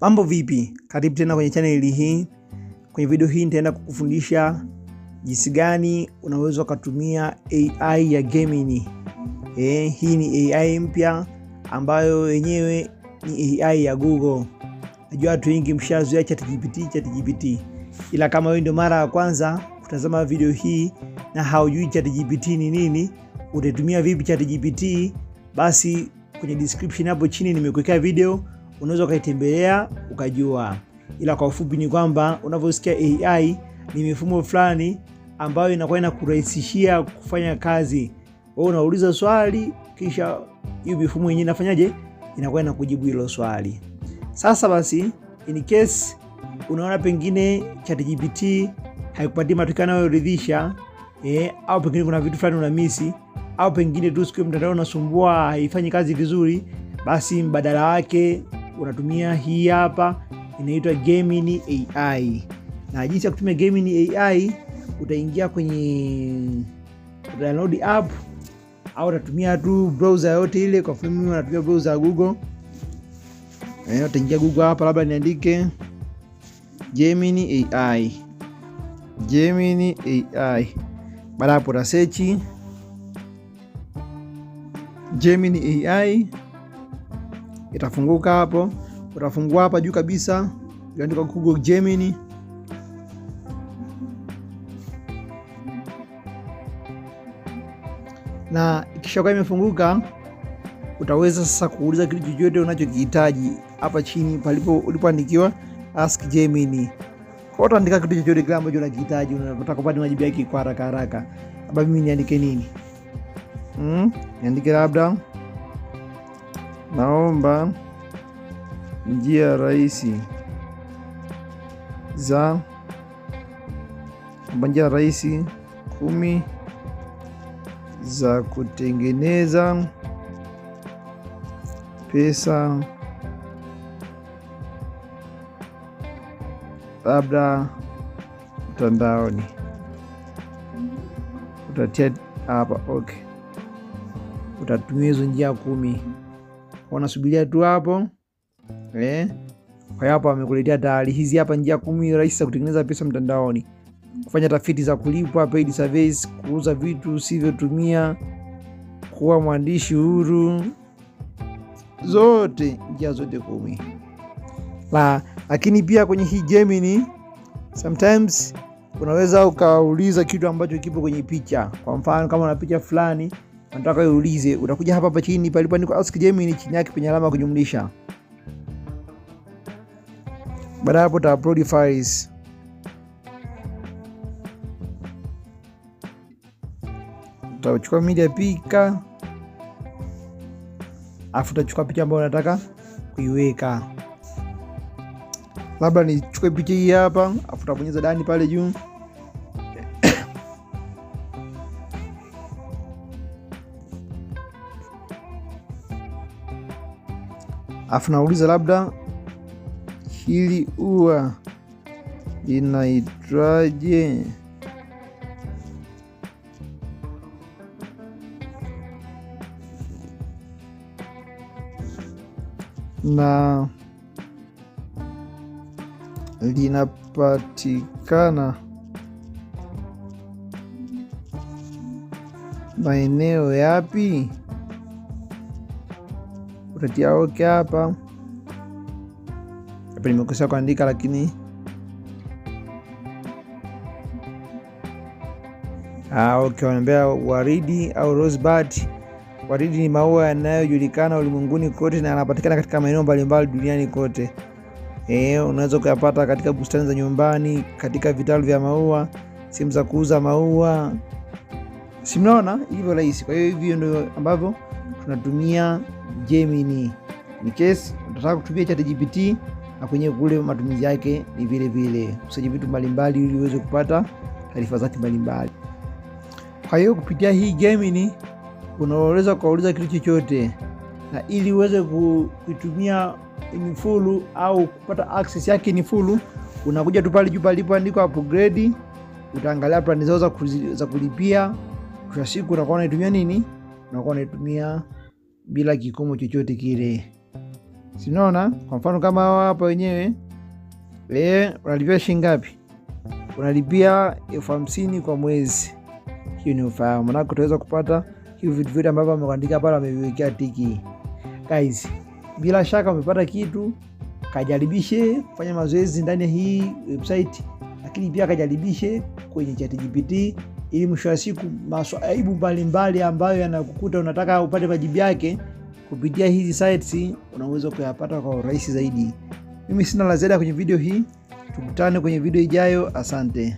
Mambo vipi? Karibu tena kwenye channel hii. Kwenye video hii nitaenda kukufundisha jinsi gani unaweza ukatumia AI ya Gemini. Eh, hii ni AI mpya ambayo yenyewe ni AI ya Google. Najua watu wengi mshazoea ChatGPT, ChatGPT. Ila kama wewe ndio mara ya kwanza kutazama video hii na haujui ChatGPT ni nini, utatumia vipi ChatGPT, basi kwenye description hapo chini nimekuwekea video unaweza ukaitembelea ukajua, ila kwa ufupi ni kwamba unavyosikia AI ni mifumo fulani ambayo inakuwa inakurahisishia kufanya kazi. Wewe unauliza swali, kisha hiyo mifumo yenyewe inafanyaje? Inakuwa inakujibu hilo swali. Sasa basi, in case unaona pengine ChatGPT haikupatia matokeo yanayoridhisha eh, au pengine kuna vitu fulani unamisi, au pengine tu siku mtandao unasumbua, haifanyi kazi vizuri, basi mbadala wake unatumia hii hapa inaitwa Gemini AI, na jinsi ya kutumia Gemini AI utaingia kwenye download app au utatumia tu browser yote ile. Kwa mfano mimi natumia browser ya Google. Eh, utaingia Google hapa, labda niandike Gemini AI, Gemini AI. Baada hapo utasearch Gemini AI itafunguka hapo. Utafungua hapa juu kabisa, iliandikwa Google Gemini. Na ikishakuwa imefunguka, utaweza sasa kuuliza kitu chochote unachokihitaji hapa chini palipo ulipoandikiwa Ask Gemini. Kwa utaandika kitu chochote kile ambacho unakihitaji, unataka kupata majibu yake kwa haraka haraka. Labda mimi niandike nini? Mm, niandike labda Naomba njia rahisi za njia rahisi kumi za kutengeneza pesa labda mtandaoni. Utatia hapa okay. Utatumia hizo njia kumi wanasubiria tu hapo eh. Kwa hiyo hapa wamekuletea tayari hizi hapa njia kumi rahisi za kutengeneza pesa mtandaoni: kufanya tafiti za kulipwa, paid surveys, kuuza vitu usivyotumia, kuwa mwandishi huru, zote njia zote kumi la, lakini pia kwenye hii Gemini sometimes unaweza ukauliza kitu ambacho kipo kwenye picha. Kwa mfano kama una picha fulani nataka uulize, utakuja hapa hapa chini palipoandikwa Ask Gemini, chini yake penye alama ya kujumlisha. Baada hapo ta upload files. Utachukua media pika, afu utachukua picha ambayo unataka kuiweka. Labda nichukue picha hii hapa, afu utabonyeza dani pale juu. afu nauliza labda hili ua linaitwaje? na linapatikana maeneo yapi? kupetia OK hapa. Hapa nimekosea kuandika, lakini ah, okay, waridi au rosebud. Waridi ni maua yanayojulikana ulimwenguni kote na yanapatikana katika maeneo mbalimbali duniani kote. E, unaweza kuyapata katika bustani za nyumbani, katika vitalu vya maua, sehemu za kuuza maua. Simnaona hivyo rahisi. Kwa hiyo hivyo ndio ambavyo tunatumia Gemini. In case unataka kutumia ChatGPT na kwenye kule matumizi yake ni vile vile kusearch vitu mbalimbali ili uweze kupata taarifa zake mbalimbali. Kwa hiyo kupitia hii Gemini unaweza kuuliza kitu chochote, na ili uweze kuitumia ni fulu au kupata access yake ni fulu, unakuja tu pale juu palipoandikwa upgrade, utaangalia plani zao za kulipia kwa siku, unakuwa unaitumia nini unakuwa unaitumia bila kikomo chochote kile, sinaona. Kwa mfano kama hawa hapa wenyewe eh, unalipia shilingi ngapi? Unalipia elfu hamsini kwa mwezi. Hiyo ni ufahamu, manake utaweza kupata hivi vitu vyote ambavyo amekuandika pale, ameviwekea tiki. Guys, bila shaka umepata kitu. Kajaribishe kufanya mazoezi ndani ya hii website, lakini pia kajaribishe kwenye ChatGPT ili mwisho wa siku maswaibu mbalimbali ambayo yanakukuta unataka upate majibu yake kupitia hizi sites unaweza kuyapata kwa urahisi zaidi. Mimi sina la ziada kwenye video hii, tukutane kwenye video ijayo. Asante.